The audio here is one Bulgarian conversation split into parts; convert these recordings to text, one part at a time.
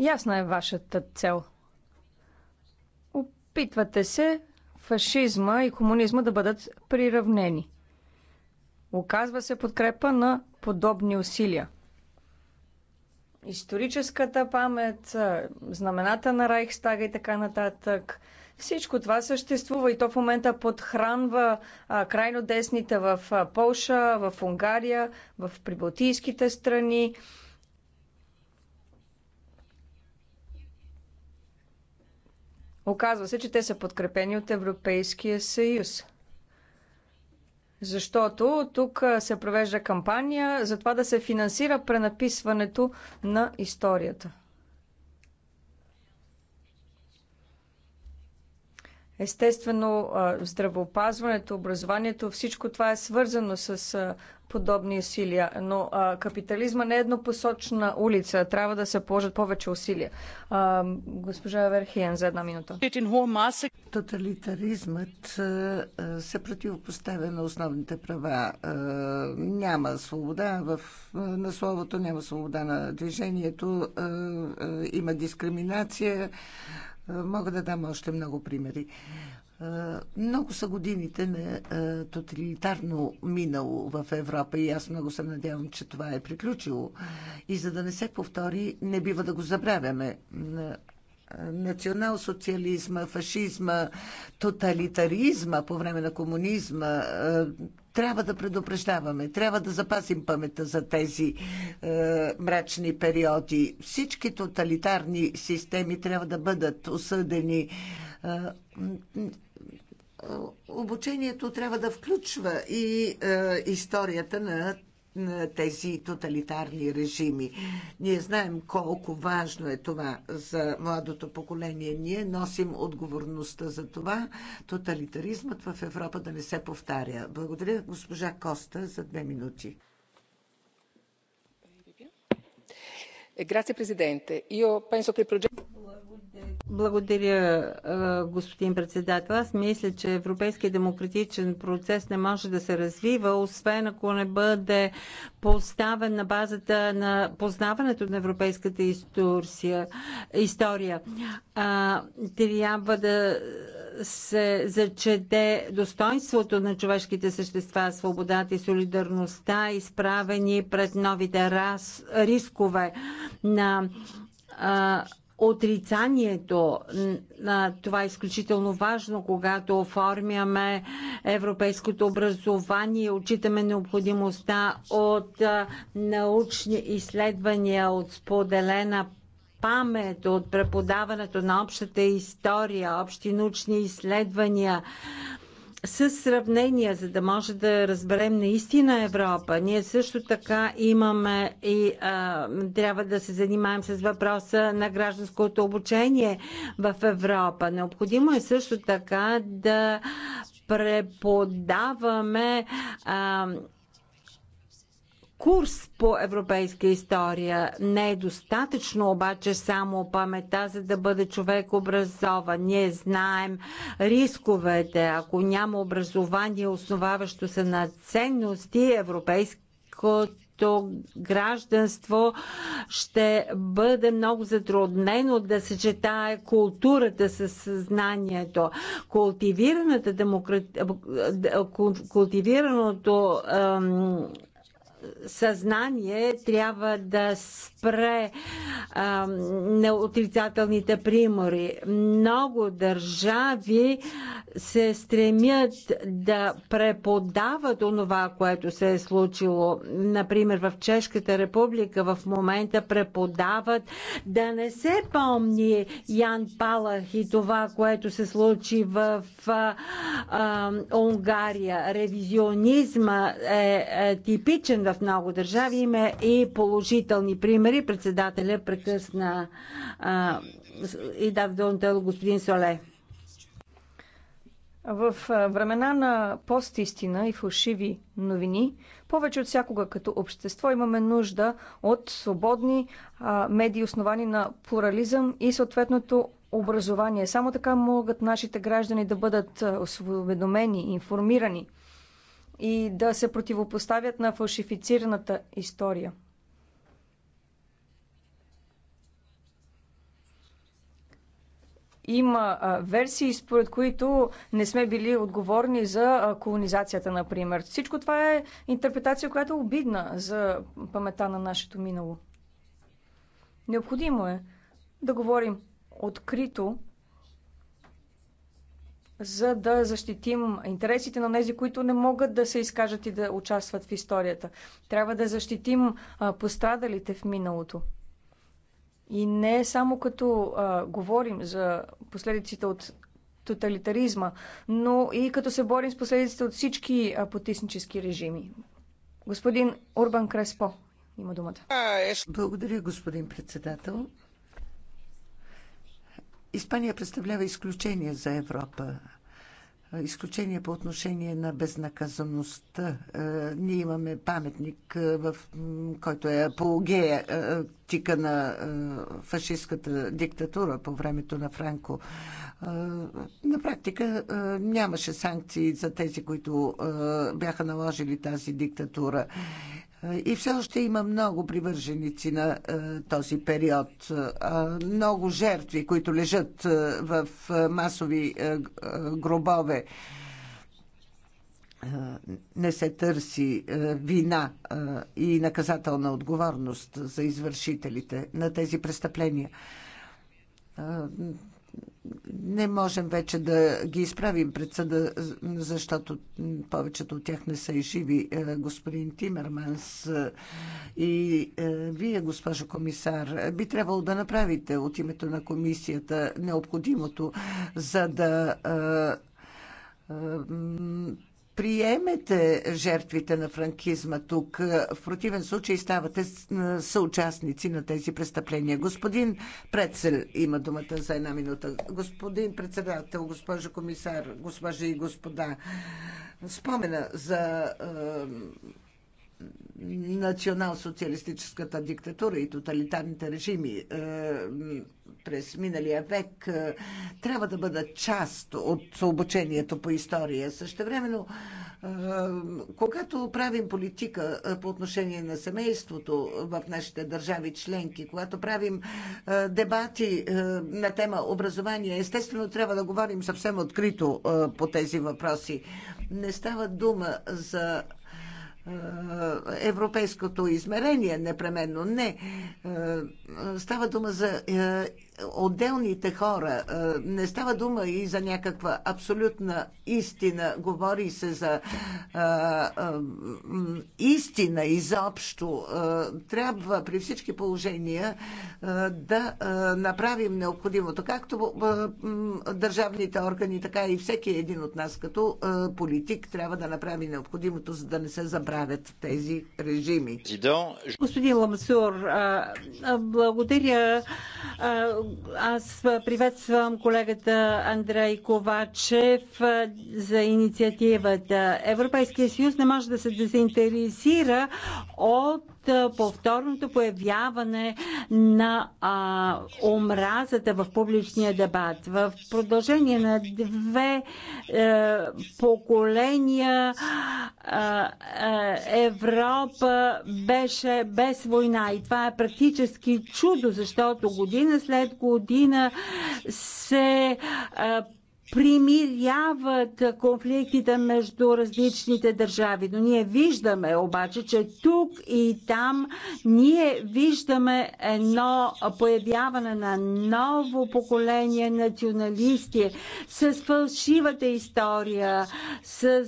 Ясна е вашата цел. Опитвате се фашизма и комунизма да бъдат приравнени. Оказва се подкрепа на подобни усилия. Историческата памет, знамената на Райхстага и така нататък. Всичко това съществува и то в момента подхранва а, крайно десните в а, Полша, в Унгария, в прибалтийските страни. Оказва се, че те са подкрепени от Европейския съюз. Защото тук се провежда кампания за това да се финансира пренаписването на историята. Естествено, здравеопазването, образованието, всичко това е свързано с подобни усилия, но а, капитализма не е еднопосочна улица. Трябва да се положат повече усилия. А, госпожа Верхиен, за една минута. Тоталитаризмът а, се противопоставя на основните права. А, няма свобода в, на словото, няма свобода на движението, а, а, има дискриминация. Мога да дам още много примери. Е, много са годините на е, тоталитарно минало в Европа и аз много се надявам, че това е приключило. И за да не се повтори, не бива да го забравяме. Е, национал-социализма, фашизма, тоталитаризма по време на комунизма трябва да предупреждаваме, трябва да запазим памета за тези е, мрачни периоди. Всички тоталитарни системи трябва да бъдат осъдени. Е, обучението трябва да включва и е, историята на на тези тоталитарни режими. Ние знаем колко важно е това за младото поколение. Ние носим отговорността за това тоталитаризмът в Европа да не се повтаря. Благодаря госпожа Коста за две минути. Grazie Presidente. Io penso che il progetto... Благодаря, господин председател. Аз мисля, че европейският демократичен процес не може да се развива, освен ако не бъде поставен на базата на познаването на европейската история. история. А, трябва да се зачете достоинството на човешките същества, свободата и солидарността, изправени пред новите рискове на а, отрицанието. Това е изключително важно, когато оформяме европейското образование и отчитаме необходимостта от научни изследвания, от споделена памет, от преподаването на общата история, общи научни изследвания, с сравнения, за да може да разберем наистина Европа. Ние също така имаме и а, трябва да се занимаем с въпроса на гражданското обучение в Европа. Необходимо е също така да преподаваме а, курс по европейска история. Не е достатъчно обаче само памета, за да бъде човек образован. Ние знаем рисковете. Ако няма образование, основаващо се на ценности, европейското гражданство ще бъде много затруднено да съчетае културата с съзнанието. Култивираната демократ... Култивираното съзнание трябва да спре а, на отрицателните примори. Много държави се стремят да преподават онова, което се е случило. Например, в Чешката република в момента преподават да не се помни Ян Палах и това, което се случи в а, а, Унгария. Ревизионизма е, е типичен в много държави. Има и положителни примери намери. Председателя прекъсна а, и дав дълната господин Соле. В времена на постистина и фалшиви новини, повече от всякога като общество имаме нужда от свободни а, медии, основани на плурализъм и съответното образование. Само така могат нашите граждани да бъдат осведомени, информирани и да се противопоставят на фалшифицираната история. Има версии, според които не сме били отговорни за колонизацията, например. Всичко това е интерпретация, която е обидна за памета на нашето минало. Необходимо е да говорим открито, за да защитим интересите на тези, които не могат да се изкажат и да участват в историята. Трябва да защитим пострадалите в миналото. И не само като а, говорим за последиците от тоталитаризма, но и като се борим с последиците от всички а, потиснически режими. Господин Урбан Креспо има думата. Благодаря, господин председател. Испания представлява изключение за Европа е, изключение по отношение на безнаказаността. Е, ние имаме паметник, е, в който е апологея тика на фашистската диктатура по времето на Франко. На практика нямаше санкции за тези, които бяха наложили тази диктатура. И все още има много привърженици на е, този период. Е, много жертви, които лежат е, в масови гробове. Не се търси вина и наказателна отговорност за извършителите на тези престъпления не можем вече да ги изправим пред съда, защото повечето от тях не са и живи. Е, господин Тимерманс е, и е, вие, госпожо комисар, би трябвало да направите от името на комисията необходимото, за да приемете жертвите на франкизма тук. В противен случай ставате съучастници на тези престъпления. Господин Прецел има думата за една минута. Господин председател, госпожо комисар, госпожи и господа, спомена за национал-социалистическата диктатура и тоталитарните режими е, през миналия век е, трябва да бъдат част от обучението по история. Същевременно, е, когато правим политика по отношение на семейството в нашите държави членки, когато правим дебати на тема образование, естествено трябва да говорим съвсем открито по тези въпроси. Не става дума за е, европейското измерение, непременно не. Е, е, става дума за отделните хора. Е, не става дума и за някаква абсолютна истина. Говори се за а, е, а, е, истина изобщо. Трябва при всички положения да направим необходимото, както държавните органи, така и всеки един от нас като политик трябва да направи необходимото, за да не се забравят тези режими. Господин Ламсур, благодаря аз приветствам колегата Андрей Ковачев за инициативата. Европейския съюз не може да се дезинтересира от повторното появяване на а, омразата в публичния дебат. В продължение на две е, поколения е, Европа беше без война и това е практически чудо, защото година след година се е, примиряват конфликтите между различните държави. Но ние виждаме обаче, че тук и там ние виждаме едно появяване на ново поколение националисти с фалшивата история, с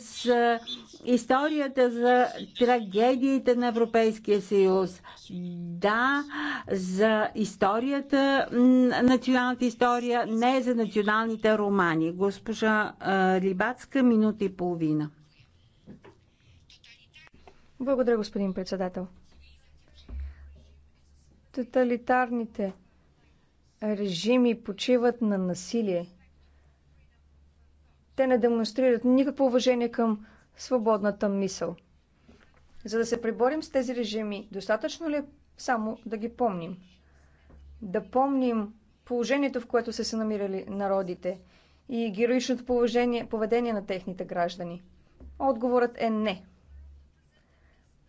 историята за трагедиите на Европейския съюз. Да, за историята, националната история, не за националните романи. Госпожа Либацка, минута и половина. Благодаря, господин председател. Тоталитарните режими почиват на насилие. Те не демонстрират никакво уважение към свободната мисъл. За да се приборим с тези режими, достатъчно ли е само да ги помним? Да помним положението, в което са се намирали народите и героичното положение, поведение на техните граждани? Отговорът е не.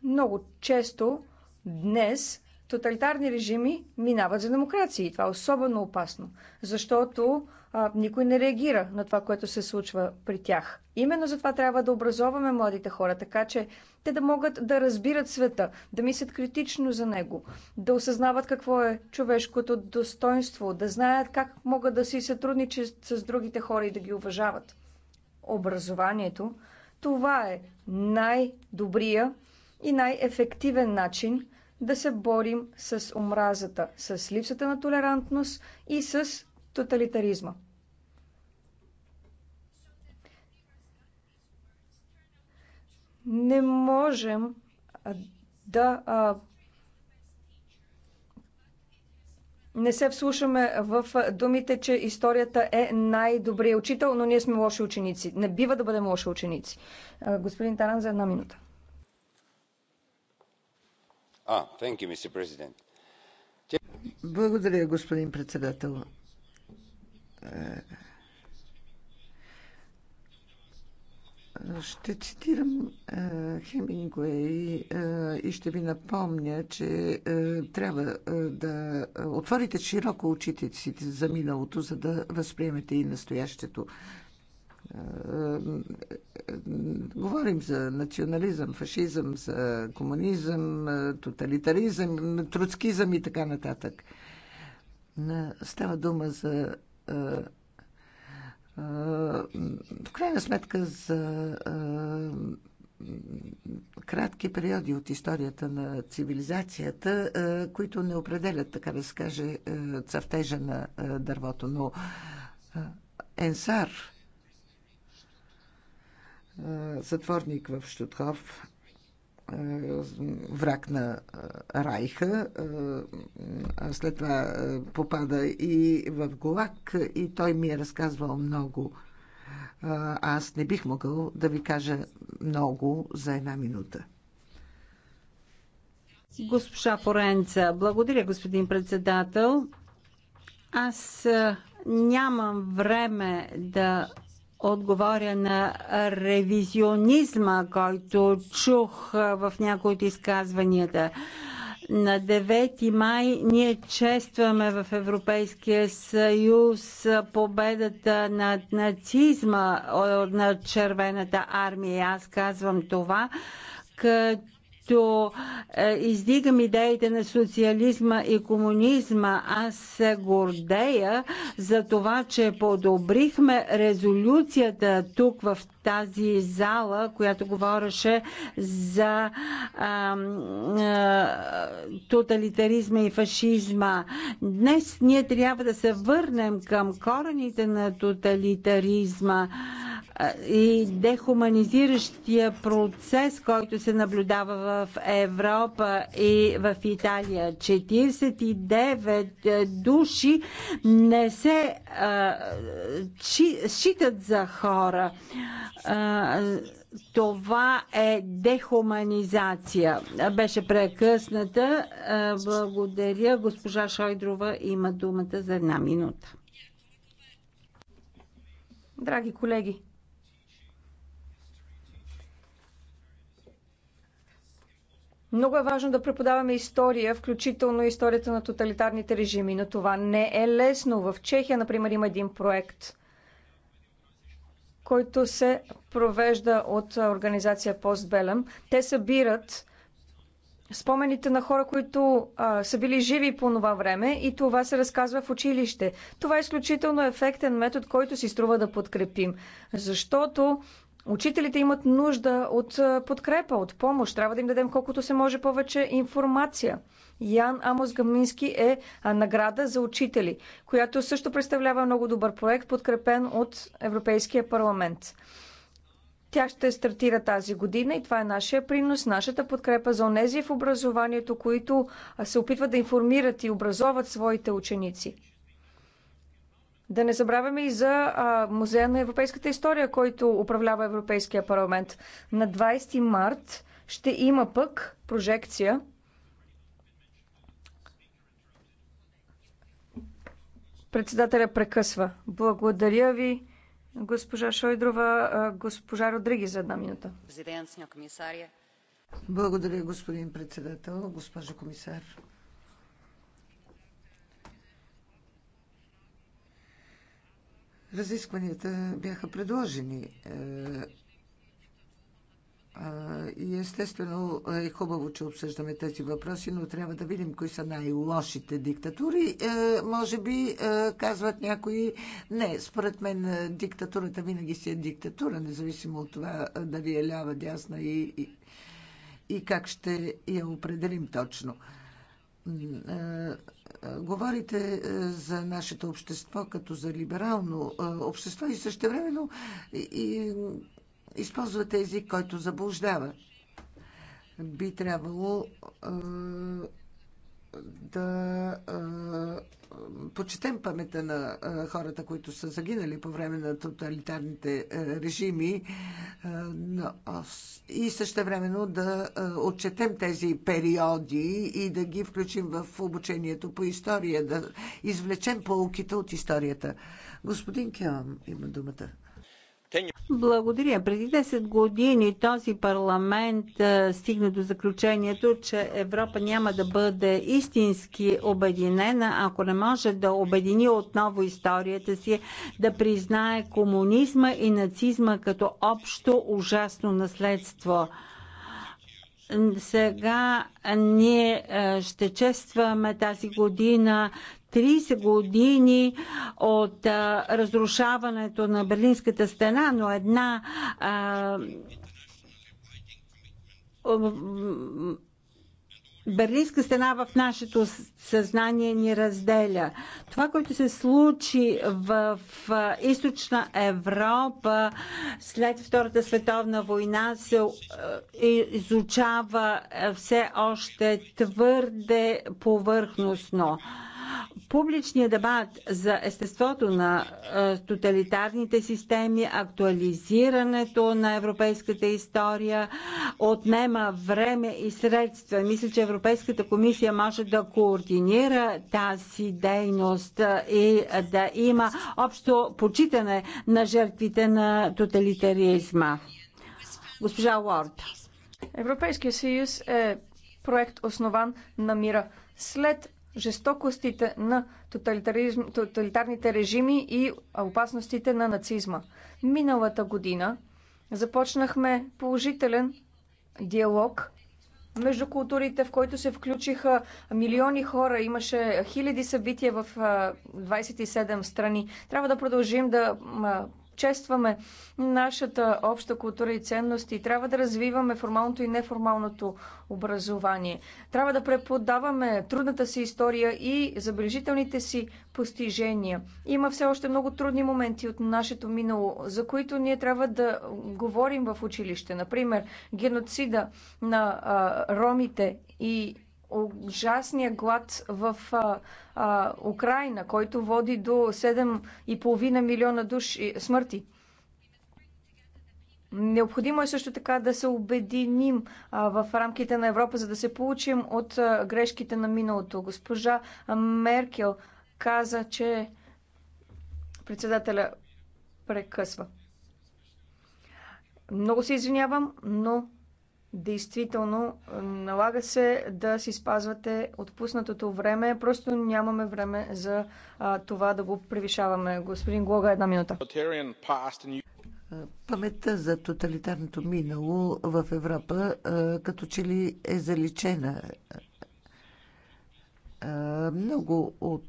Много често днес тоталитарни режими минават за демокрации. Това е особено опасно, защото а, никой не реагира на това, което се случва при тях. Именно затова трябва да образоваме младите хора, така че те да могат да разбират света, да мислят критично за него, да осъзнават какво е човешкото достоинство, да знаят как могат да си сътрудничат с другите хора и да ги уважават. Образованието това е най-добрия и най-ефективен начин да се борим с омразата, с липсата на толерантност и с тоталитаризма. Не можем да а, не се вслушаме в думите, че историята е най-добрият учител, но ние сме лоши ученици. Не бива да бъдем лоши ученици. Господин Таран, за една минута. Благодаря, господин председател. Е, ще цитирам е, Хемингуей е, и ще ви напомня, че трябва да отворите широко очите си за миналото, за да възприемете и настоящето. Е, е, е, говорим за национализъм, фашизъм, за комунизъм, тоталитаризъм, троцкизъм и така нататък. Става дума за в крайна сметка за кратки периоди от историята на цивилизацията, които не определят, така да се каже, цъфтежа на дървото. Но Енсар е, затворник в Штутхов, е, враг на е, Райха. След това попада и в Голак и той ми е разказвал много. Аз не бих могъл да ви кажа много за една минута. Госпожа Форенца, благодаря, господин председател. Аз нямам време да отговоря на ревизионизма, който чух в някои от изказванията. На 9 май ние честваме в Европейския съюз победата над нацизма на Червената армия. Аз казвам това като е, издигам идеите на социализма и комунизма. Аз се гордея за това, че подобрихме резолюцията тук в тази зала, която говореше за а, а, е, тоталитаризма и фашизма. Днес ние трябва да се върнем към корените на тоталитаризма и дехуманизиращия процес, който се наблюдава в Европа и в Италия. 49 е, души не се считат за хора. това е дехуманизация. Беше прекъсната. Благодаря. Госпожа Шойдрова има думата за една минута. Драги колеги, Много е важно да преподаваме история, включително историята на тоталитарните режими, но това не е лесно. В Чехия, например, има един проект, който се провежда от организация Постбелем. Те събират спомените на хора, които а, са били живи по това време и това се разказва в училище. Това е изключително ефектен метод, който си струва да подкрепим, защото Учителите имат нужда от подкрепа, от помощ. Трябва да им дадем колкото се може повече информация. Ян Амос Гамински е награда за учители, която също представлява много добър проект, подкрепен от Европейския парламент. Тя ще стартира тази година и това е нашия принос, нашата подкрепа за онези в образованието, които се опитват да информират и образоват своите ученици. Да не забравяме и за а, Музея на европейската история, който управлява Европейския парламент. На 20 март ще има пък прожекция Председателя прекъсва. Благодаря ви, госпожа Шойдрова, госпожа Родриги за една минута. Благодаря, господин председател, госпожа комисар. Разискванията бяха предложени е, е, и естествено е хубаво, че обсъждаме тези въпроси, но трябва да видим кои са най-лошите диктатури. Е, може би казват някои, не, според мен диктатурата винаги си е диктатура, независимо от това дали е лява, дясна и, и, и как ще я определим точно. Е, е, говорите е, за нашето общество като за либерално общество и същевременно и, използвате език, който заблуждава. Би трябвало да почетем памета на хората, които са загинали по време на тоталитарните режими и също времено да отчетем тези периоди и да ги включим в обучението по история, да извлечем полуките от историята. Господин Кеам има думата. Благодаря. Преди 10 години този парламент стигна до заключението, че Европа няма да бъде истински обединена, ако не може да обедини отново историята си, да признае комунизма и нацизма като общо ужасно наследство. Сега ние ще честваме тази година 30 години от разрушаването на Берлинската стена, но една Берлинска стена в нашето съзнание ни разделя. Това, което се случи в източна Европа след Втората световна война, се изучава все още твърде повърхностно. Публичният дебат за естеството на е, тоталитарните системи, актуализирането на европейската история отнема време и средства. Мисля, че Европейската комисия може да координира тази дейност е, и да има общо почитане на жертвите на тоталитаризма. Госпожа Уорд. Европейския съюз е проект основан на мира. След жестокостите на тоталитарните режими и опасностите на нацизма. Миналата година започнахме положителен диалог между културите, в който се включиха милиони хора. Имаше хиляди събития в 27 страни. Трябва да продължим да честваме нашата обща култура и ценности. Трябва да развиваме формалното и неформалното образование. Трябва да преподаваме трудната си история и забележителните си постижения. Има все още много трудни моменти от нашето минало, за които ние трябва да говорим в училище. Например, геноцида на а, ромите и ужасния глад в а, а, Украина, който води до 7,5 милиона души е, смърти. Необходимо е също така да се обединим а, в рамките на Европа, за да се получим от а, грешките на миналото. Госпожа Меркел каза, че председателя прекъсва. Много се извинявам, но Действително, налага се да си спазвате отпуснатото време. Просто нямаме време за а, това да го превишаваме. Господин Глога, една минута. Паметта за тоталитарното минало в Европа като че ли е заличена. Много от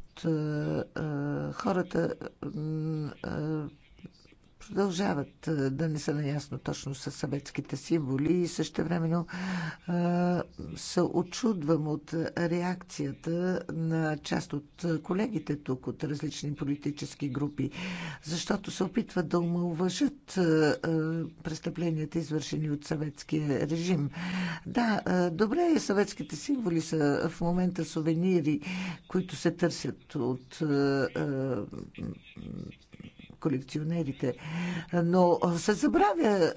хората продължават да не са наясно точно с съветските символи и същевременно се очудвам от реакцията на част от колегите тук от различни политически групи, защото се опитват да умалважат престъпленията, извършени от съветския режим. Да, добре, съветските символи са в момента сувенири, които се търсят от колекционерите. Но се забравя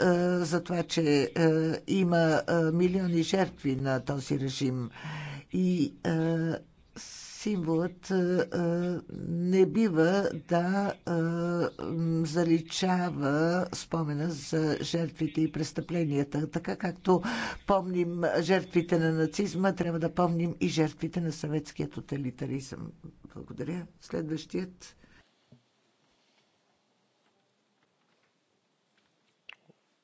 за това, че има милиони жертви на този режим. И символът не бива да заличава спомена за жертвите и престъпленията. Така както помним жертвите на нацизма, трябва да помним и жертвите на съветския тоталитаризъм. Благодаря. Следващият.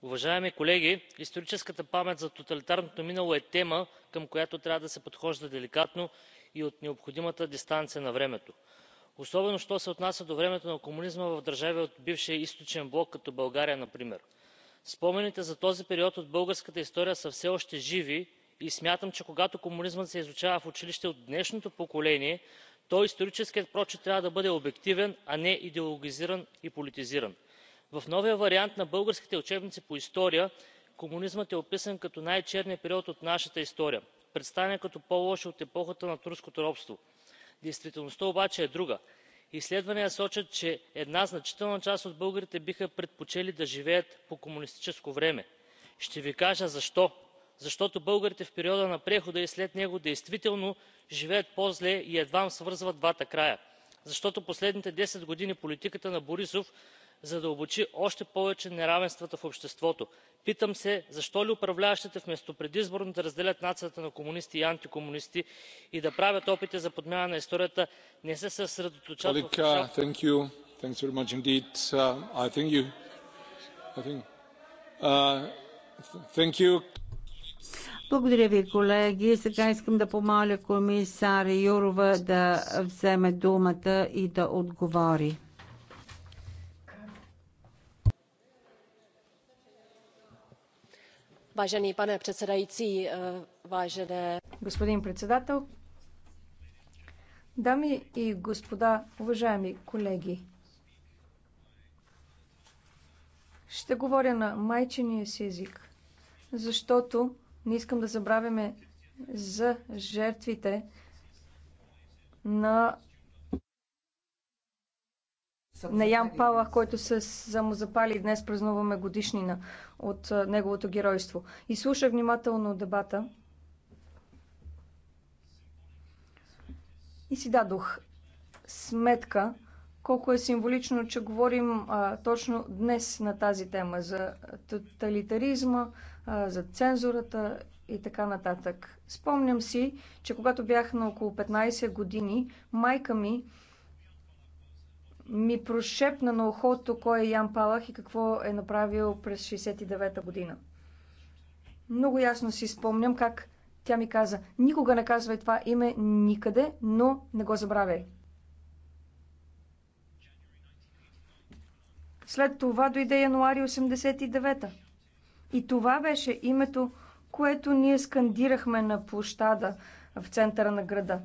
уважаеми колеги историческата памет за тоталитарното минало е тема към която трябва да се подхожда деликатно и от необходимата дистанция на времето особено що се отнася до времето на комунизма в държави от бившия източен блок като българия например. спомените за този период от българската история са все още живи и смятам че когато комунизмът се изучава в училище от днешното поколение то историческият прочит трябва да бъде обективен а не идеологизиран и политизиран в новия вариант на българските учебници по история комунизмът е описан като най черният период от нашата история представен като по лош от епохата на турското робство. действителността обаче е друга. изследвания сочат че една значителна част от българите биха предпочели да живеят по комунистическо време. ще ви кажа защо. защото българите в периода на прехода и след него действително живеят по зле и едвам свързват двата края. защото последните десет години политиката на борисов задълбочи още повече неравенствата в обществото. питам се защо ли управляващите вместо предизборно да разделят нацията на комунисти и антикомунисти и да правят опити за подмяна на историята не се съсредоточават върху uh, uh, благодаря ви, колеги. Сега искам да помоля комисар Юрова да вземе думата и да отговори. Vážený pane předsedající, eh, vážené... Господин председател, дами и господа, уважаеми колеги, ще говоря на майчиния си език, защото не искам да забравяме за жертвите на на Ян Палах, който се самозапали и днес празнуваме годишнина от неговото геройство. И слуша внимателно дебата и си дадох сметка колко е символично, че говорим а, точно днес на тази тема за тоталитаризма, а, за цензурата и така нататък. Спомням си, че когато бях на около 15 години, майка ми ми прошепна на ухото кой е Ян Палах и какво е направил през 69-та година. Много ясно си спомням как тя ми каза, никога не казвай това име никъде, но не го забравяй. След това дойде януари 89-та. И това беше името, което ние скандирахме на площада в центъра на града.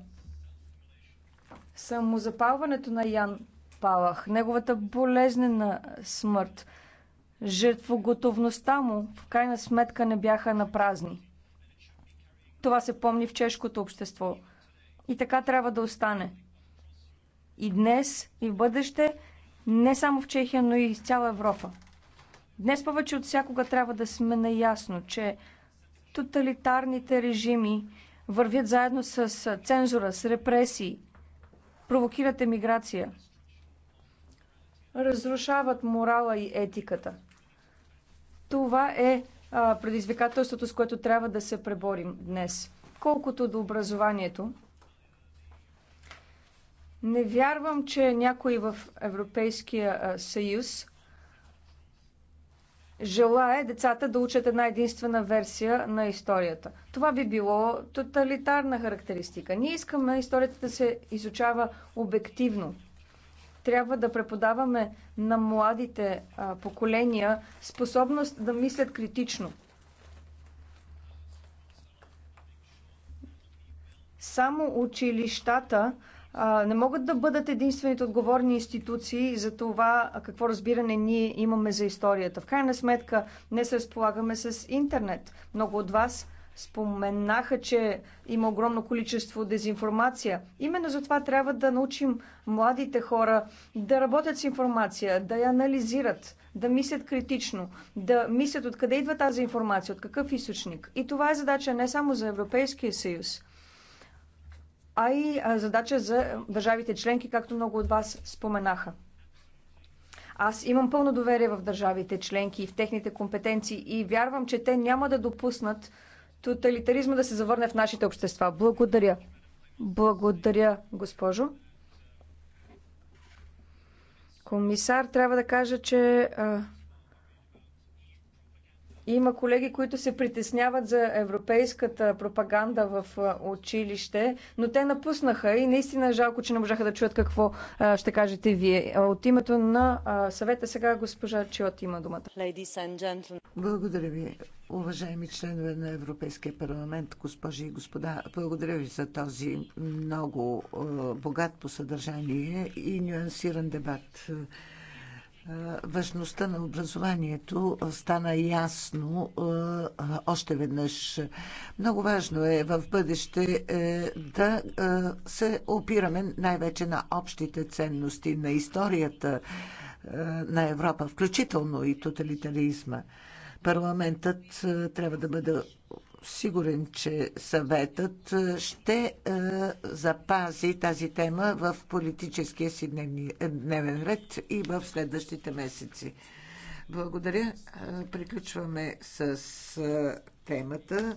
Самозапалването на Ян Палах, неговата болезнена смърт, жертвоготовността му в крайна сметка не бяха на празни. Това се помни в чешкото общество. И така трябва да остане. И днес, и в бъдеще, не само в Чехия, но и в цяла Европа. Днес повече от всякога трябва да сме наясно, че тоталитарните режими вървят заедно с цензура, с репресии, провокират емиграция – разрушават морала и етиката. Това е а, предизвикателството, с което трябва да се преборим днес. Колкото до образованието, не вярвам, че някой в Европейския съюз желае децата да учат една единствена версия на историята. Това би било тоталитарна характеристика. Ние искаме историята да се изучава обективно – трябва да преподаваме на младите а, поколения способност да мислят критично. Само училищата а, не могат да бъдат единствените отговорни институции за това какво разбиране ние имаме за историята. В крайна сметка, не се разполагаме с интернет. Много от вас споменаха, че има огромно количество дезинформация. Именно за това трябва да научим младите хора да работят с информация, да я анализират, да мислят критично, да мислят откъде идва тази информация, от какъв източник. И това е задача не само за Европейския съюз, а и задача за държавите членки, както много от вас споменаха. Аз имам пълно доверие в държавите членки и в техните компетенции и вярвам, че те няма да допуснат тоталитаризма да се завърне в нашите общества. Благодаря. Благодаря, госпожо. Комисар, трябва да кажа, че а, има колеги, които се притесняват за европейската пропаганда в училище, но те напуснаха и наистина жалко, че не можаха да чуят какво ще кажете вие. От името на съвета сега госпожа Чиот има думата. Благодаря ви, уважаеми членове на Европейския парламент, госпожи и господа. Благодаря ви за този много богат по съдържание и нюансиран дебат. Важността на образованието стана ясно още веднъж. Много важно е в бъдеще е, да се опираме най-вече на общите ценности, на историята на Европа, включително и тоталитаризма. Парламентът трябва да бъде сигурен, че съветът е, ще е, запази тази тема в политическия си е, дневен ред и в следващите месеци. Благодаря. Приключваме с темата.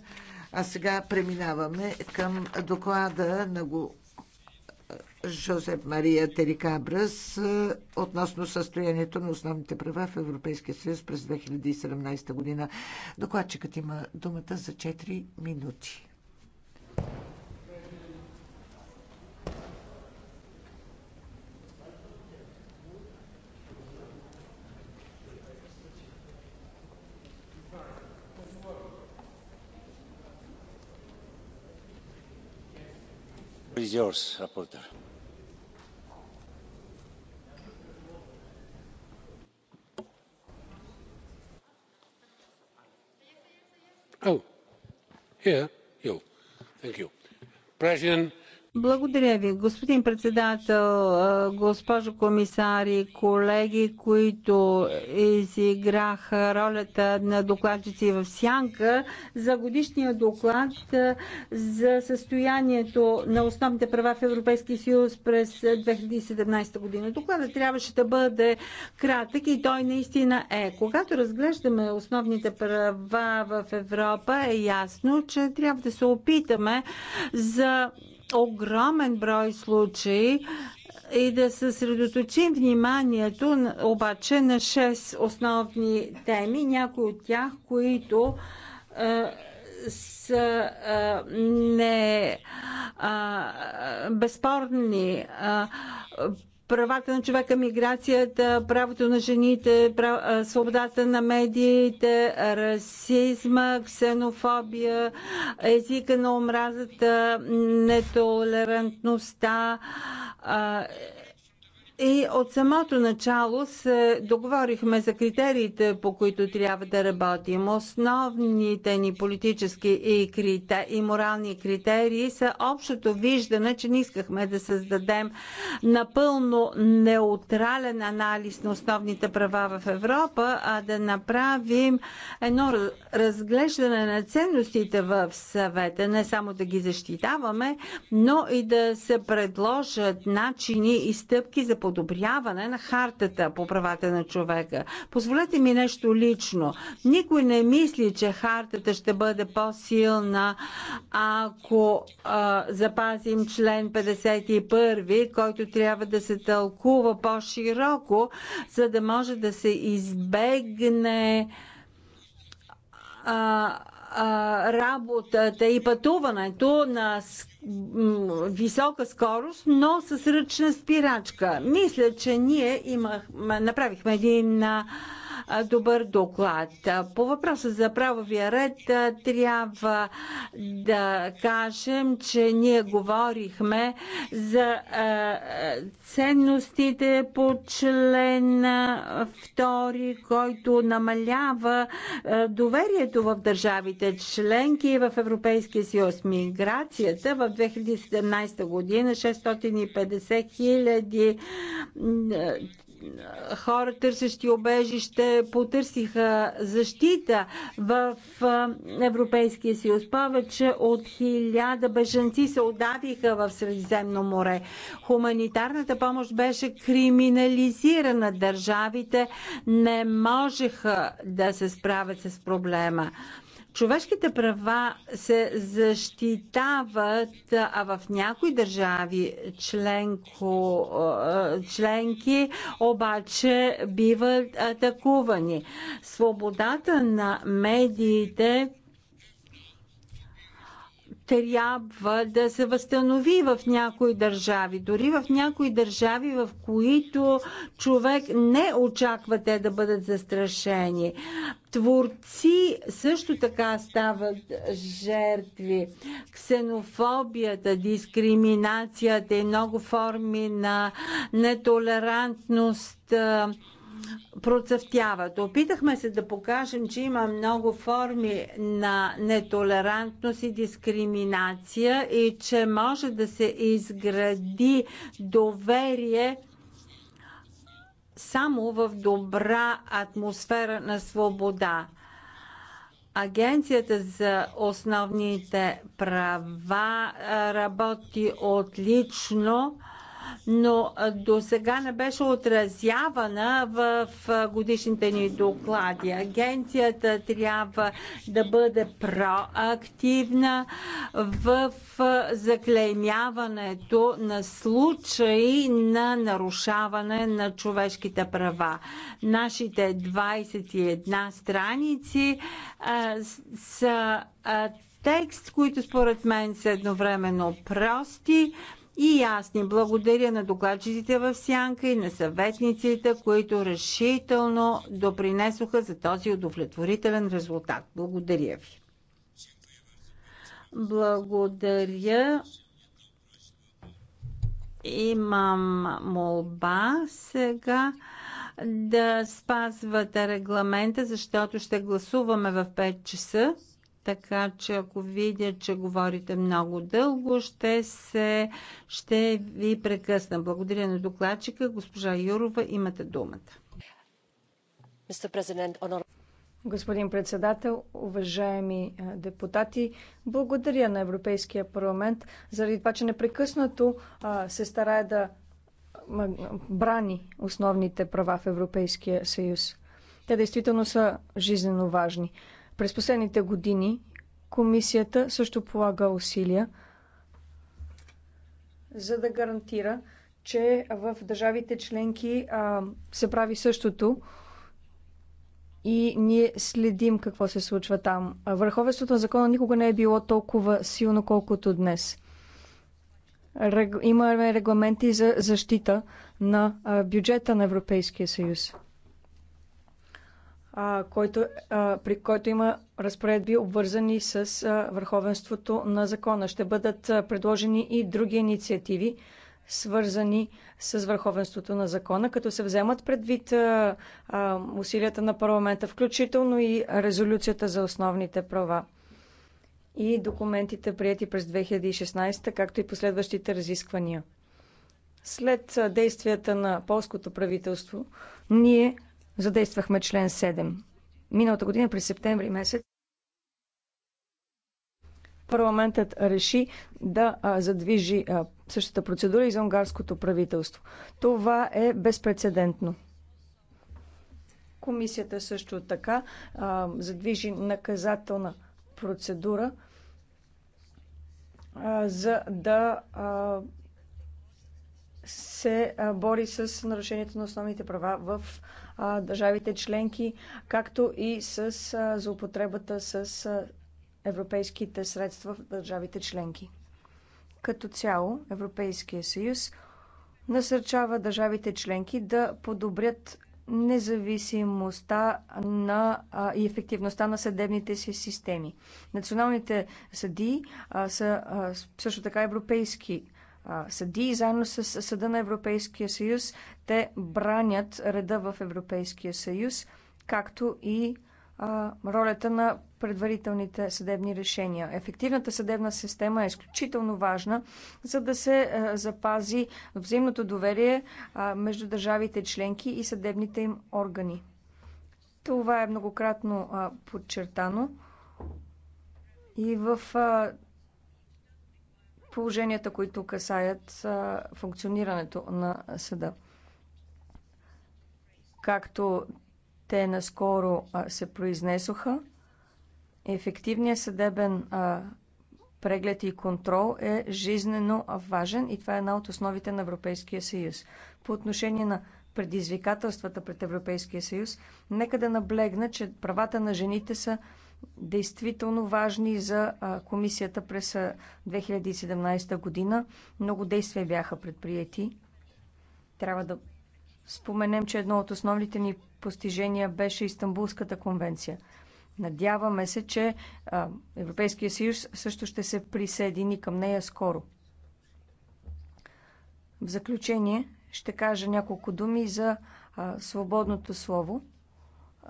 А сега преминаваме към доклада на го Жозеп Мария Терикабрас е, относно състоянието на основните права в Европейския съюз през 2017 година. Докладчикът има думата за 4 минути. is yours rapporteur. mr president благодаря ви, господин председател, госпожо комисари, колеги, които изиграха ролята на докладчици в Сянка за годишния доклад за състоянието на основните права в Европейския съюз през 2017 година. Докладът трябваше да бъде кратък и той наистина е. Когато разглеждаме основните права в Европа, е ясно, че трябва да се опитаме за огромен брой случаи и да съсредоточим вниманието обаче на 6 основни теми, някои от тях, които са не безспорни. Е, правата на човека, миграцията, правото на жените, прав... свободата на медиите, расизма, ксенофобия, езика на омразата, нетолерантността и от самото начало се договорихме за критериите, по които трябва да работим. Основните ни политически и, крите, и морални критерии са общото виждане, че не искахме да създадем напълно неутрален анализ на основните права в Европа, а да направим едно разглеждане на ценностите в съвета, не само да ги защитаваме, но и да се предложат начини и стъпки за подобряване на хартата по правата на човека. Позволете ми нещо лично. Никой не мисли, че хартата ще бъде по-силна, ако а, запазим член 51, който трябва да се тълкува по-широко, за да може да се избегне а, работата и пътуването на висока скорост, но с ръчна спирачка. Мисля, че ние имах, направихме един а, добър доклад. По въпроса за правовия ред трябва да кажем, че ние говорихме за ценностите по член 2, който намалява доверието в държавите членки в Европейския съюз. Миграцията в 2017 година 650 хиляди хора, търсещи обежище, потърсиха защита в Европейския съюз. Повече от хиляда бежанци се отдадиха в Средиземно море. Хуманитарната помощ беше криминализирана. Държавите не можеха да се справят с проблема. Човешките права се защитават, а в някои държави членко, членки обаче биват атакувани. Свободата на медиите трябва да се възстанови в някои държави, дори в някои държави, в които човек не очаква те да бъдат застрашени. Творци също така стават жертви. Ксенофобията, дискриминацията и много форми на нетолерантност процъфтяват. Опитахме се да покажем, че има много форми на нетолерантност и дискриминация и че може да се изгради доверие само в добра атмосфера на свобода. Агенцията за основните права работи отлично но до сега не беше отразявана в годишните ни доклади. Агенцията трябва да бъде проактивна в заклеймяването на случаи на нарушаване на човешките права. Нашите 21 страници а, са а, текст, които според мен са едновременно прости, и аз ни Благодаря на докладчиците в Сянка и на съветниците, които решително допринесоха за този удовлетворителен резултат. Благодаря ви. Благодаря. Имам молба сега да спазвате регламента, защото ще гласуваме в 5 часа така че ако видя, че говорите много дълго, ще, се, ще ви прекъсна. Благодаря на докладчика. Госпожа Юрова, имате думата. Господин председател, уважаеми депутати, благодаря на Европейския парламент заради това, че непрекъснато се старае да брани основните права в Европейския съюз. Те действително са жизненно важни. През последните години комисията също полага усилия за да гарантира, че в държавите членки а, се прави същото и ние следим какво се случва там. Върховенството на закона никога не е било толкова силно, колкото днес. Имаме регламенти за защита на бюджета на Европейския съюз а, който, а, при който има разпоредби обвързани с а, върховенството на закона. Ще бъдат а, предложени и други инициативи, свързани с върховенството на закона, като се вземат предвид а, а, усилията на парламента, включително и резолюцията за основните права и документите, прияти през 2016, както и последващите разисквания. След действията на полското правителство, ние задействахме член 7. Миналата година през септември месец парламентът реши да задвижи същата процедура и за унгарското правителство. Това е безпредседентно. Комисията също така а, задвижи наказателна процедура, а, за да а, се бори с нарушението на основните права в държавите членки, както и с злоупотребата с европейските средства в държавите членки. Като цяло, Европейския съюз насърчава държавите членки да подобрят независимостта на, а, и ефективността на съдебните си системи. Националните съдии а, са а, също така европейски съдии, заедно с Съда на Европейския съюз, те бранят реда в Европейския съюз, както и а, ролята на предварителните съдебни решения. Ефективната съдебна система е изключително важна, за да се а, запази взаимното доверие а, между държавите членки и съдебните им органи. Това е многократно а, подчертано. И в а, положенията, които касаят функционирането на съда. Както те наскоро се произнесоха, ефективният съдебен преглед и контрол е жизнено важен и това е една от основите на Европейския съюз. По отношение на предизвикателствата пред Европейския съюз, нека да наблегна, че правата на жените са действително важни за комисията през 2017 година. Много действия бяха предприяти. Трябва да споменем, че едно от основните ни постижения беше Истанбулската конвенция. Надяваме се, че Европейския съюз също ще се присъедини към нея скоро. В заключение ще кажа няколко думи за свободното слово –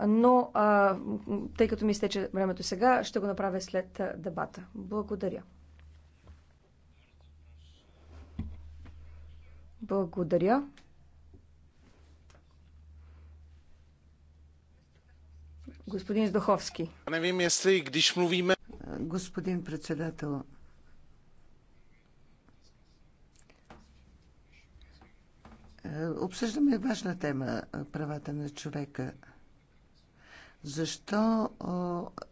но а, тъй като ми изтече времето сега, ще го направя след дебата. Благодаря. Благодаря. Господин Здоховски. Не вим, если, když мовиме. Господин председател, е, обсъждаме важна тема правата на човека – защо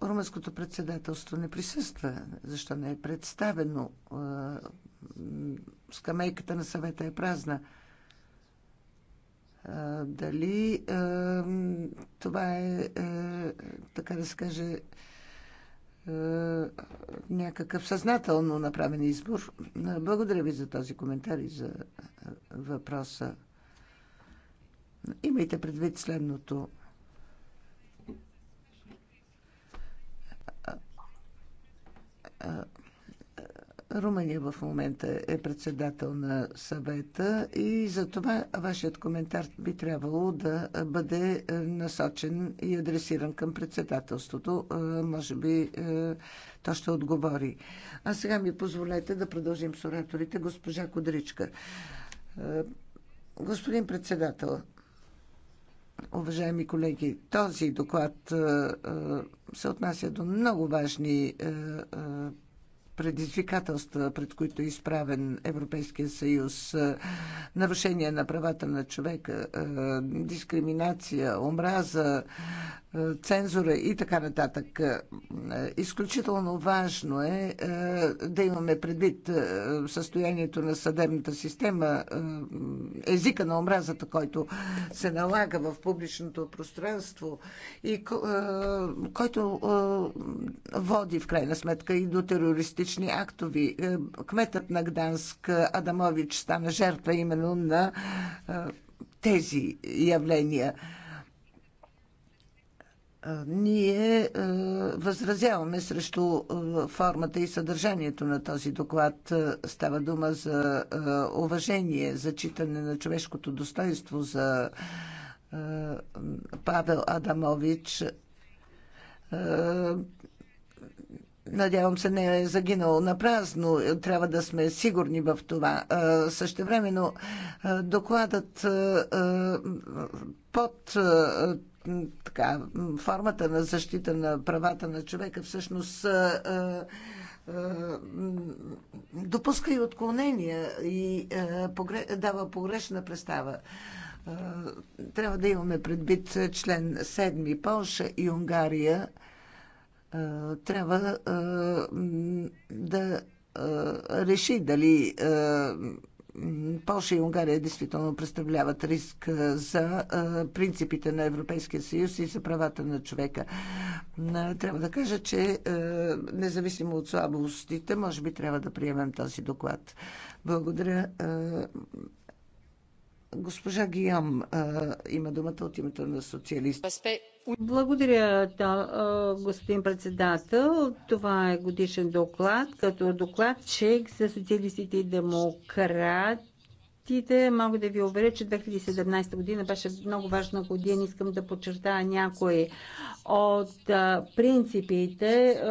румънското председателство не присъства? Защо не е представено? Скамейката на съвета е празна. Дали това е, така да се каже, някакъв съзнателно направен избор? Благодаря ви за този коментар и за въпроса. Имайте предвид следното Румъния в момента е председател на съвета и за това вашият коментар би трябвало да бъде е, насочен и адресиран към председателството. Е, може би е, то ще отговори. А сега ми позволете да продължим с ораторите. Госпожа Кодричка. Господин председател, Уважаеми колеги, този доклад е, е, се отнася до много важни е, предизвикателства, пред които е изправен Европейския съюз, е, нарушение на правата на човека, е, дискриминация, омраза, е, цензура и така нататък. Изключително важно е да имаме предвид състоянието на съдебната система, езика на омразата, който се налага в публичното пространство и който води в крайна сметка и до терористични различни актови. Е, кметът на Гданск Адамович стана жертва именно на е, тези явления. Е, ние възразяваме срещу формата и съдържанието на този доклад. Става дума за уважение, за читане на човешкото достоинство, за Павел Адамович Надявам се не е загинал на празно. Трябва да сме сигурни в това. Същевременно докладът под така, формата на защита на правата на човека всъщност допуска и отклонения и дава погрешна представа. Трябва да имаме предвид член 7 Полша и Унгария – е, трябва е, да е, реши дали Польша и Унгария действително представляват риск за принципите на Европейския съюз и за правата на човека. Трябва да кажа, че независимо от слабостите, може би трябва да приемем този доклад. Благодаря. Госпожа Гиам има думата от името на социалист. Благодаря, господин председател. Това е годишен доклад. Като докладчик за социалистите и демократ гостите. Мога да ви уверя, че 2017 година беше много важна година. Искам да подчертая някои от принципите,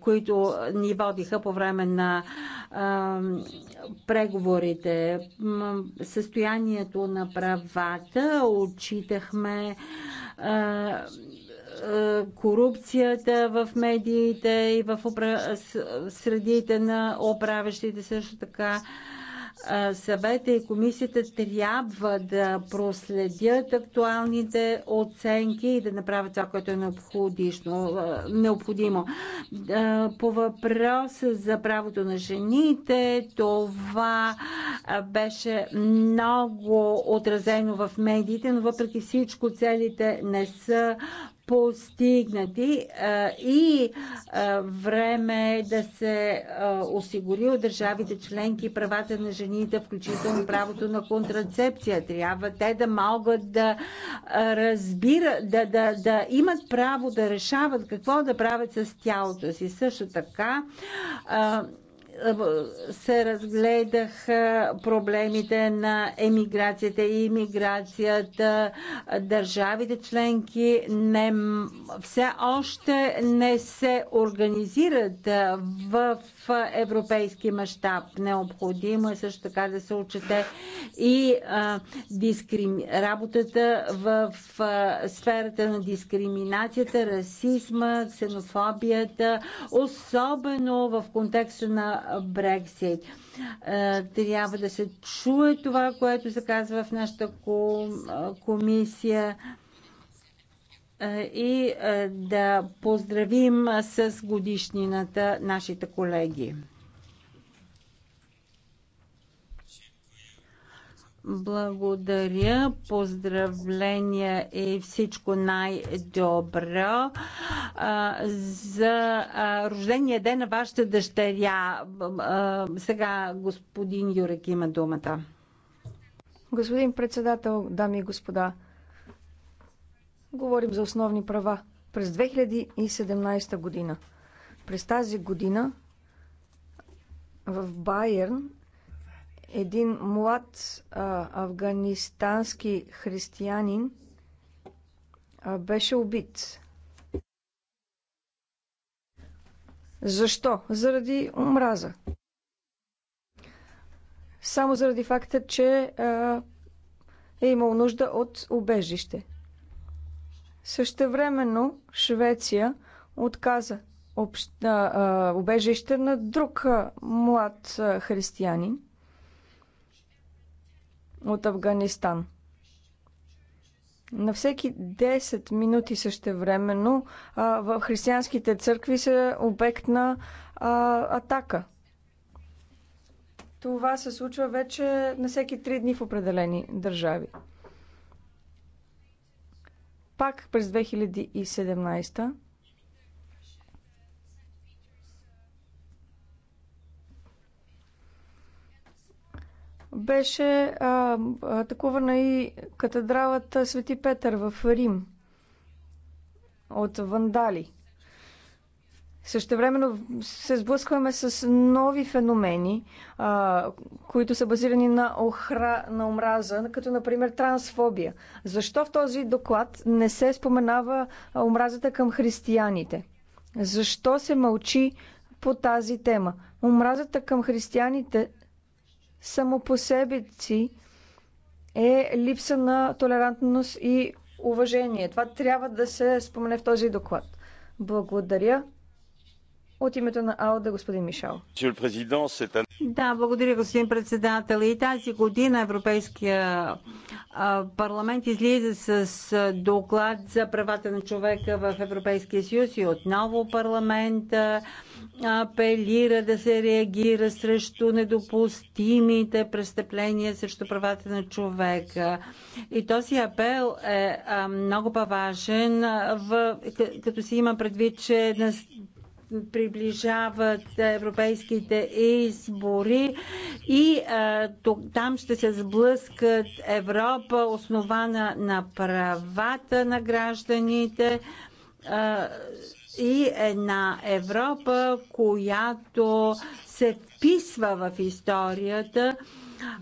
които ни водиха по време на преговорите. Състоянието на правата отчитахме корупцията в медиите и в средите на управящите също така съвета и комисията трябва да проследят актуалните оценки и да направят това, което е необходимо. По въпроса за правото на жените, това беше много отразено в медиите, но въпреки всичко целите не са постигнати и време е да се осигури от държавите членки правата на жените, включително правото на контрацепция. Трябва те да могат да разбират, да, да, да имат право да решават какво да правят с тялото си. Също така се разгледаха проблемите на емиграцията и иммиграцията. Държавите членки не, все още не се организират в европейски мащаб. Необходимо е също така да се отчете и а, дискрим... работата в а, сферата на дискриминацията, расизма, ксенофобията, особено в контекста на Брексит. Трябва да се чуе това, което се казва в нашата комисия е, и е, да поздравим е, с годишнината нашите колеги. Благодаря, поздравления и всичко най-добро за рождения ден на вашата дъщеря. Сега господин Юрек има думата. Господин председател, дами и господа, Говорим за основни права. През 2017 година. През тази година в Байерн един млад а, афганистански християнин а, беше убит. Защо? Заради омраза. Само заради факта, че а, е имал нужда от убежище. Същевременно Швеция отказа общ, а, а, убежище на друг а, млад а, християнин от Афганистан. На всеки 10 минути същевременно а, в християнските църкви са обект на а, атака. Това се случва вече на всеки 3 дни в определени държави пак през 2017 беше а, атакувана и катедралата Свети Петър в Рим от вандали. Същевременно се сблъскваме с нови феномени, а, които са базирани на, охра, на омраза, като например трансфобия. Защо в този доклад не се споменава омразата към християните? Защо се мълчи по тази тема? Омразата към християните само по себе си е липса на толерантност и уважение. Това трябва да се спомене в този доклад. Благодаря. От името на АОДА, господин Мишал. Да, благодаря, господин председател. И тази година Европейския парламент излиза с доклад за правата на човека в Европейския съюз и отново парламент апелира да се реагира срещу недопустимите престъпления срещу правата на човека. И този апел е много по-важен, като се има предвид, че приближават европейските избори и там ще се сблъскат Европа, основана на правата на гражданите и една Европа, която се вписва в историята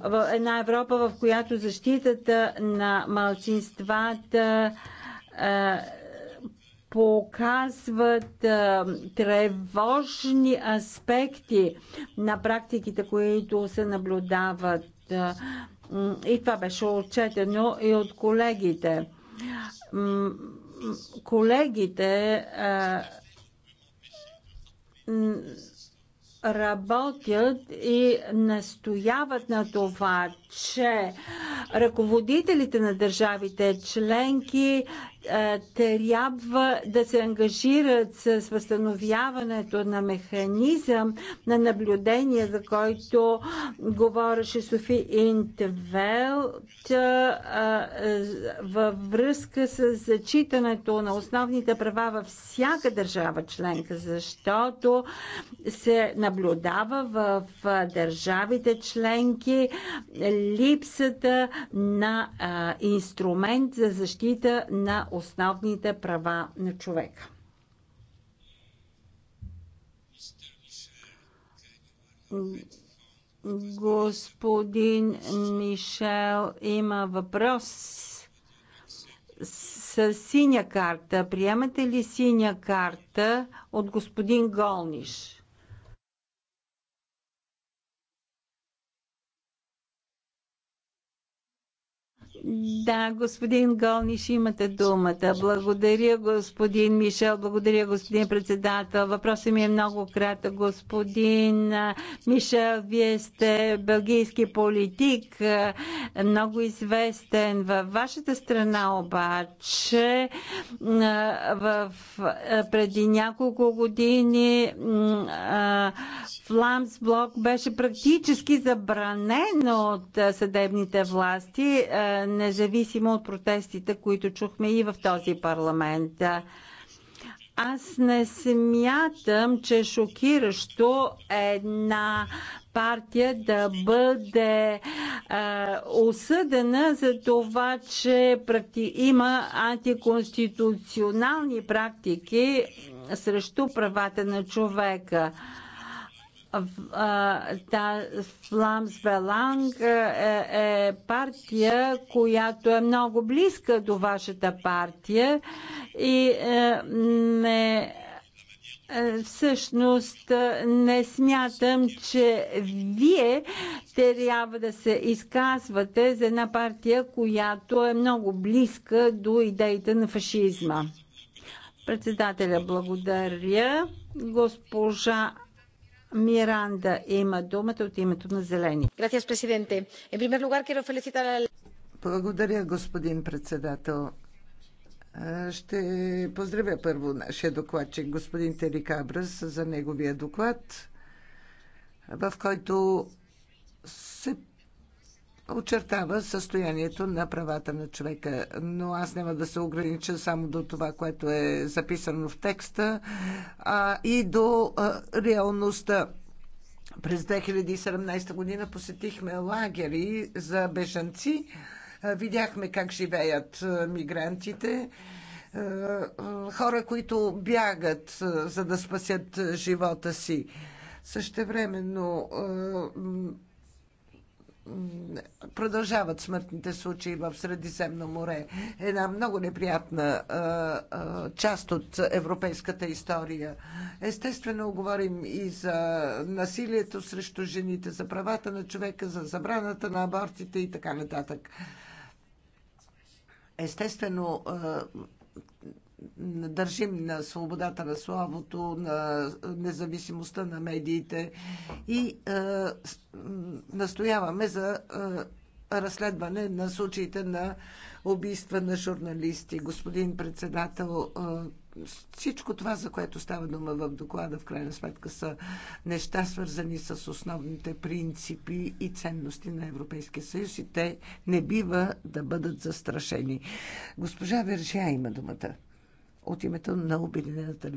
в една Европа, в която защитата на малцинствата показват а, тревожни аспекти на практиките, които се наблюдават. И това беше отчетено и от колегите. Колегите а, работят и настояват на това, че ръководителите на държавите членки е, трябва да се ангажират с възстановяването на механизъм на наблюдение, за който говореше Софи Интвелт е, във връзка с зачитането на основните права във всяка държава членка, защото се наблюдава в е, държавите членки липсата на а, инструмент за защита на основните права на човека. Господин Мишел има въпрос с синя карта. Приемате ли синя карта от господин Голниш? Да, господин Голниш, имате думата. Благодаря, господин Мишел, благодаря, господин председател. Въпросът ми е много кратък. Господин Мишел, вие сте бългийски политик, много известен във вашата страна, обаче в, преди няколко години Фламс Блок беше практически забранен от съдебните власти независимо от протестите, които чухме и в този парламент. Аз не смятам, че е шокиращо една партия да бъде е, осъдена за това, че практи... има антиконституционални практики срещу правата на човека. Фламс Веланг е, е, е, партия, която е много близка до вашата партия и не е, всъщност не смятам, че вие трябва да се изказвате за една партия, която е много близка до идеите на фашизма. Председателя благодаря. Госпожа Миранда има думата от името на Зелени. Благодаря, господин председател. Ще поздравя първо нашия докладчик, господин Тери Кабрас, за неговия доклад, в който се очертава състоянието на правата на човека. Но аз няма да се огранича само до това, което е записано в текста, а и до а, реалността. През 2017 година посетихме лагери за бежанци. Видяхме как живеят мигрантите хора, които бягат, за да спасят живота си. времено продължават смъртните случаи в Средиземно море. Една много неприятна а, а, част от европейската история. Естествено, говорим и за насилието срещу жените, за правата на човека, за забраната на абортите и така нататък. Естествено, а, държим на свободата на славото, на независимостта на медиите и а, е, настояваме за а, е, разследване на случаите на убийства на журналисти. Господин председател, е, всичко това, за което става дума в доклада, в крайна сметка са неща свързани с основните принципи и ценности на Европейския съюз и те не бива да бъдат застрашени. Госпожа Вержия има думата от името на Обединената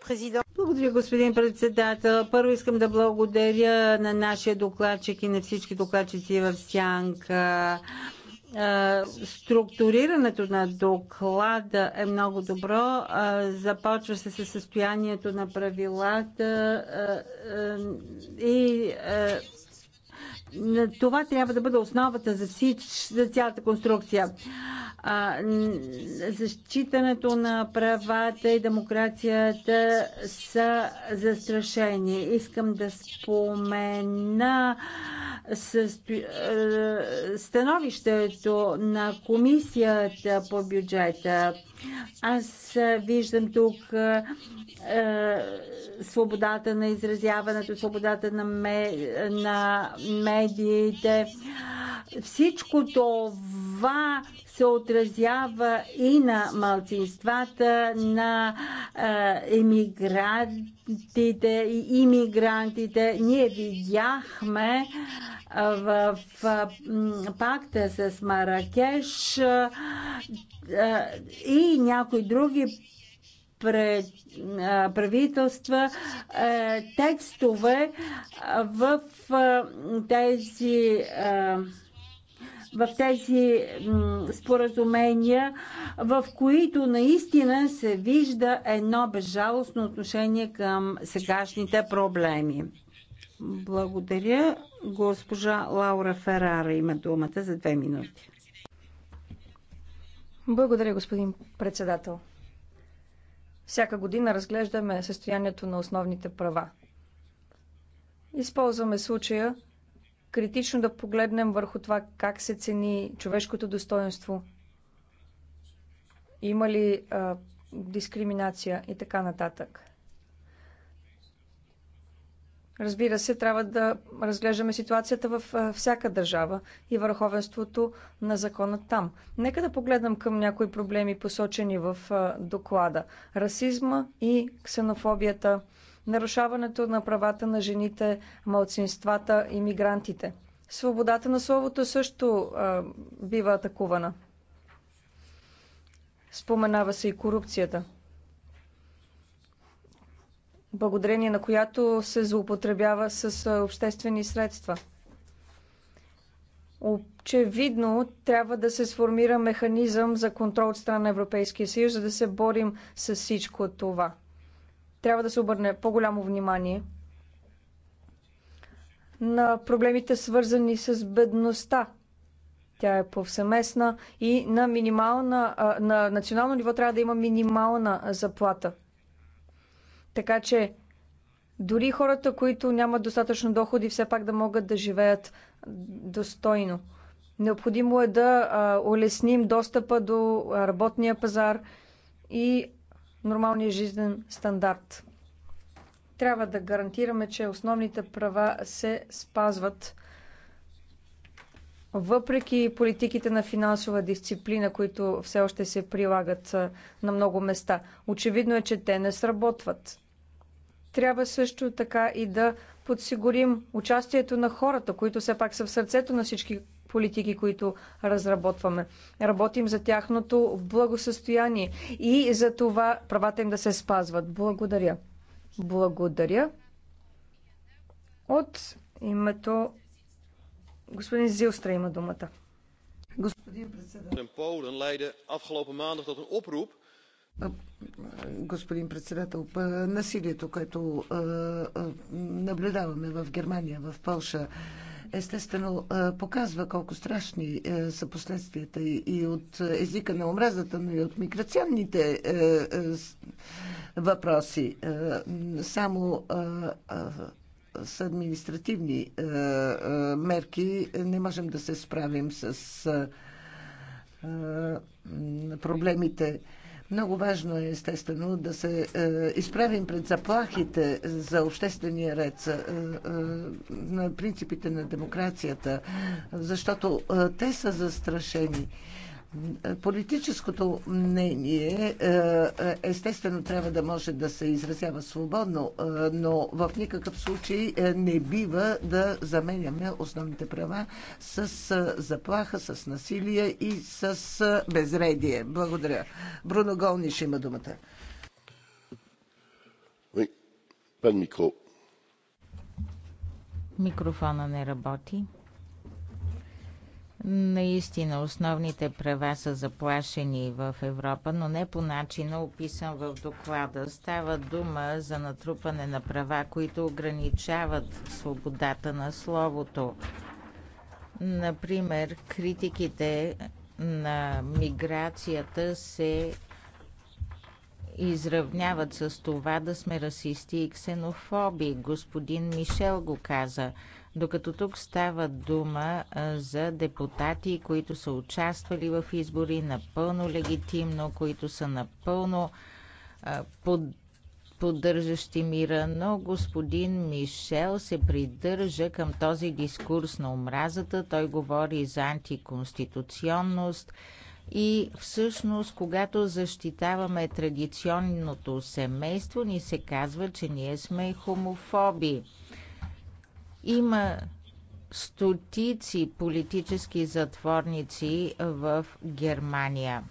президент. Благодаря, господин председател. Първо искам да благодаря на нашия докладчик и на всички докладчици в Сянка структурирането на доклада е много добро. Започва се със състоянието на правилата и това трябва да бъде основата за, всич, за цялата конструкция защитането на правата и демокрацията са застрашени. Искам да спомена е, становището на комисията по бюджета. Аз виждам тук е, свободата на изразяването, свободата на, ме, на медиите. Всичко това се отразява и на малцинствата, на е, емигрантите и иммигрантите. Ние видяхме в пакта с Маракеш и някои други правителства е, текстове в тези в тези споразумения, в които наистина се вижда едно безжалостно отношение към сегашните проблеми. Благодаря. Госпожа Лаура Ферара има думата за две минути. Благодаря, господин председател. Всяка година разглеждаме състоянието на основните права. Използваме случая критично да погледнем върху това как се цени човешкото достоинство, има ли а, дискриминация и така нататък. Разбира се, трябва да разглеждаме ситуацията във всяка държава и върховенството на закона там. Нека да погледнем към някои проблеми, посочени в доклада. Расизма и ксенофобията, нарушаването на правата на жените, малцинствата и мигрантите. Свободата на словото също а, бива атакувана. Споменава се и корупцията благодарение на която се злоупотребява с обществени средства. Очевидно трябва да се сформира механизъм за контрол от страна на Европейския съюз, за да се борим с всичко това. Трябва да се обърне по-голямо внимание на проблемите, свързани с бедността. Тя е повсеместна и на, минимална, на национално ниво трябва да има минимална заплата. Така че дори хората, които нямат достатъчно доходи, все пак да могат да живеят достойно. Необходимо е да а, улесним достъпа до работния пазар и нормалния жизнен стандарт. Трябва да гарантираме, че основните права се спазват въпреки политиките на финансова дисциплина, които все още се прилагат на много места. Очевидно е, че те не сработват. Трябва също така и да подсигурим участието на хората, които все пак са в сърцето на всички политики, които разработваме. Работим за тяхното благосъстояние и за това правата им да се спазват. Благодаря. Благодаря. От името Господин Зилстра има думата. Господин председател. Господин председател, насилието, което наблюдаваме в Германия, в Польша, естествено показва колко страшни са последствията и от езика на омразата, но и от миграционните въпроси. Само с административни е, е, мерки не можем да се справим с е, проблемите. Много важно е, естествено, да се е, изправим пред заплахите за обществения ред, е, на принципите на демокрацията, защото е, те са застрашени. Политическото мнение е, е, естествено трябва да може да се изразява свободно, е, но в никакъв случай не бива да заменяме основните права с заплаха, с насилие и с безредие. Благодаря. Бруно Голниш има думата. Микрофона не работи. Наистина основните права са заплашени в Европа, но не по начина описан в доклада. Става дума за натрупване на права, които ограничават свободата на словото. Например, критиките на миграцията се изравняват с това да сме расисти и ксенофоби. Господин Мишел го каза. Докато тук става дума за депутати, които са участвали в избори напълно легитимно, които са напълно под поддържащи мира, но господин Мишел се придържа към този дискурс на омразата. Той говори за антиконституционност, и всъщност, когато защитаваме традиционното семейство, ни се казва, че ние сме хомофоби. Има стотици политически затворници в Германия.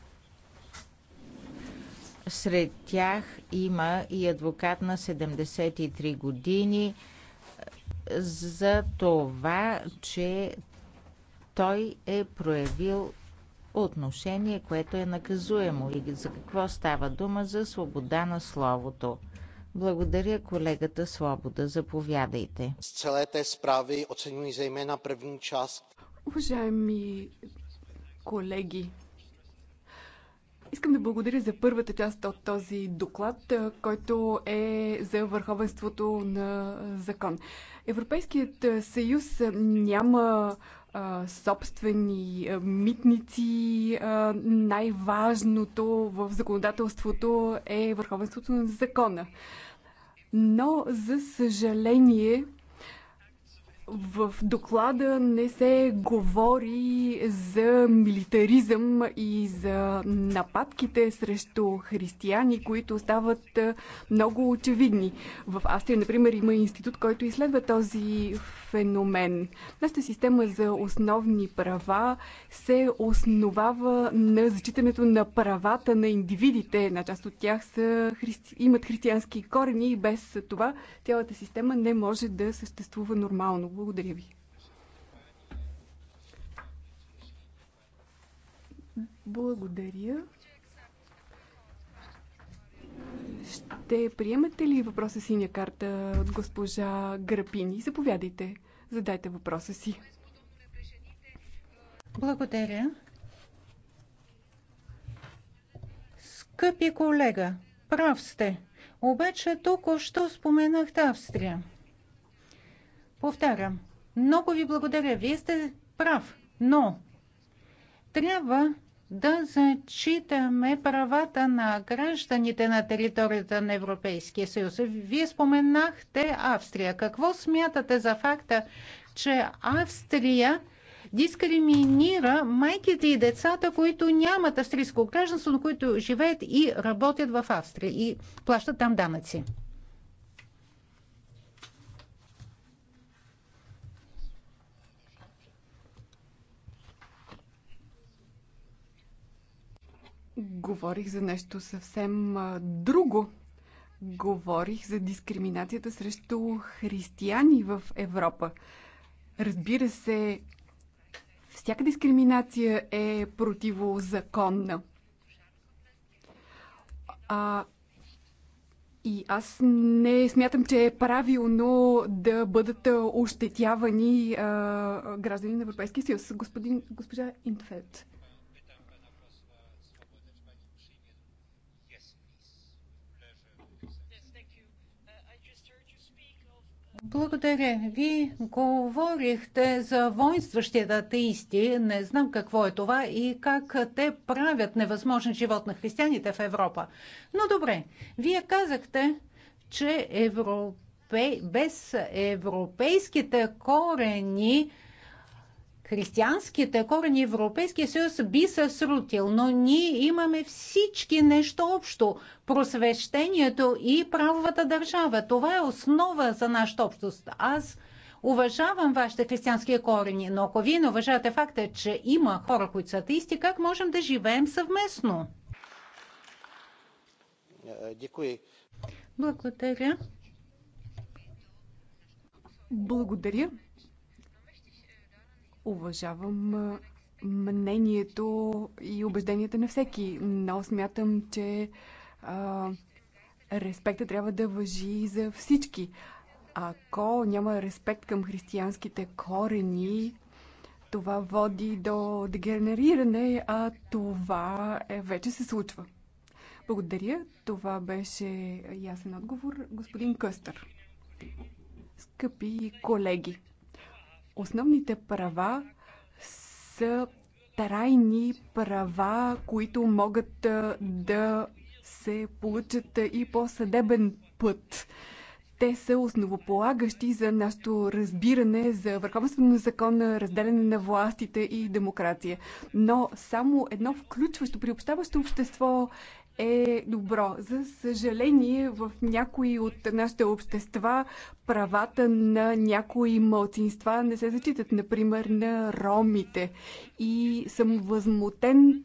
Сред тях има и адвокат на 73 години за това, че той е проявил отношение, което е наказуемо и за какво става дума за свобода на словото. Благодаря колегата Свобода. Заповядайте. Z справи té zprávy oceňuji zejména první част. Уважаеми колеги, искам да благодаря за първата част от този доклад, който е за върховенството на закон. Европейският съюз няма собствени митници. Най-важното в законодателството е върховенството на закона. Но, за съжаление, в доклада не се говори за милитаризъм и за нападките срещу християни, които стават много очевидни. В Австрия, например, има институт, който изследва този феномен. Нашата система за основни права се основава на зачитането на правата на индивидите. На част от тях са, христи... имат християнски корени и без това цялата система не може да съществува нормално. Благодаря ви. Благодаря. Ще приемате ли въпроса синя карта от госпожа Грапини? Заповядайте, задайте въпроса си. Благодаря. Скъпи колега, прав сте. Обаче тук още споменахте Австрия. Повтарям, много ви благодаря, вие сте прав, но трябва да зачитаме правата на гражданите на територията на Европейския съюз. Вие споменахте Австрия. Какво смятате за факта, че Австрия дискриминира майките и децата, които нямат австрийско гражданство, но които живеят и работят в Австрия и плащат там данъци? Говорих за нещо съвсем друго. Говорих за дискриминацията срещу християни в Европа. Разбира се, всяка дискриминация е противозаконна. А, и аз не смятам, че е правилно да бъдат ощетявани а, граждани на Европейския съюз. Господин, госпожа Интфет. Благодаря. Ви говорихте за воинстващите атеисти. Не знам какво е това и как те правят невъзможен живот на християните в Европа. Но добре, вие казахте, че Европа без европейските корени християнските корени Европейския съюз би се срутил, но ние имаме всички нещо общо. Просвещението и правовата държава. Това е основа за нашата общност. Аз уважавам вашите християнски корени, но ако вие не уважавате факта, че има хора, които са атеисти, как можем да живеем съвместно? Дякую. Благодаря. Благодаря. Уважавам мнението и убежденията на всеки, но смятам, че а, респекта трябва да въжи за всички. Ако няма респект към християнските корени, това води до дегенериране, а това е, вече се случва. Благодаря. Това беше ясен отговор. Господин Къстър. Скъпи колеги, Основните права са трайни права, които могат да се получат и по съдебен път. Те са основополагащи за нашето разбиране за върховенство на закона, разделяне на властите и демокрация. Но само едно включващо, приобщаващо общество е добро. За съжаление, в някои от нашите общества правата на някои мълцинства не се зачитат, например на ромите. И съм възмутен,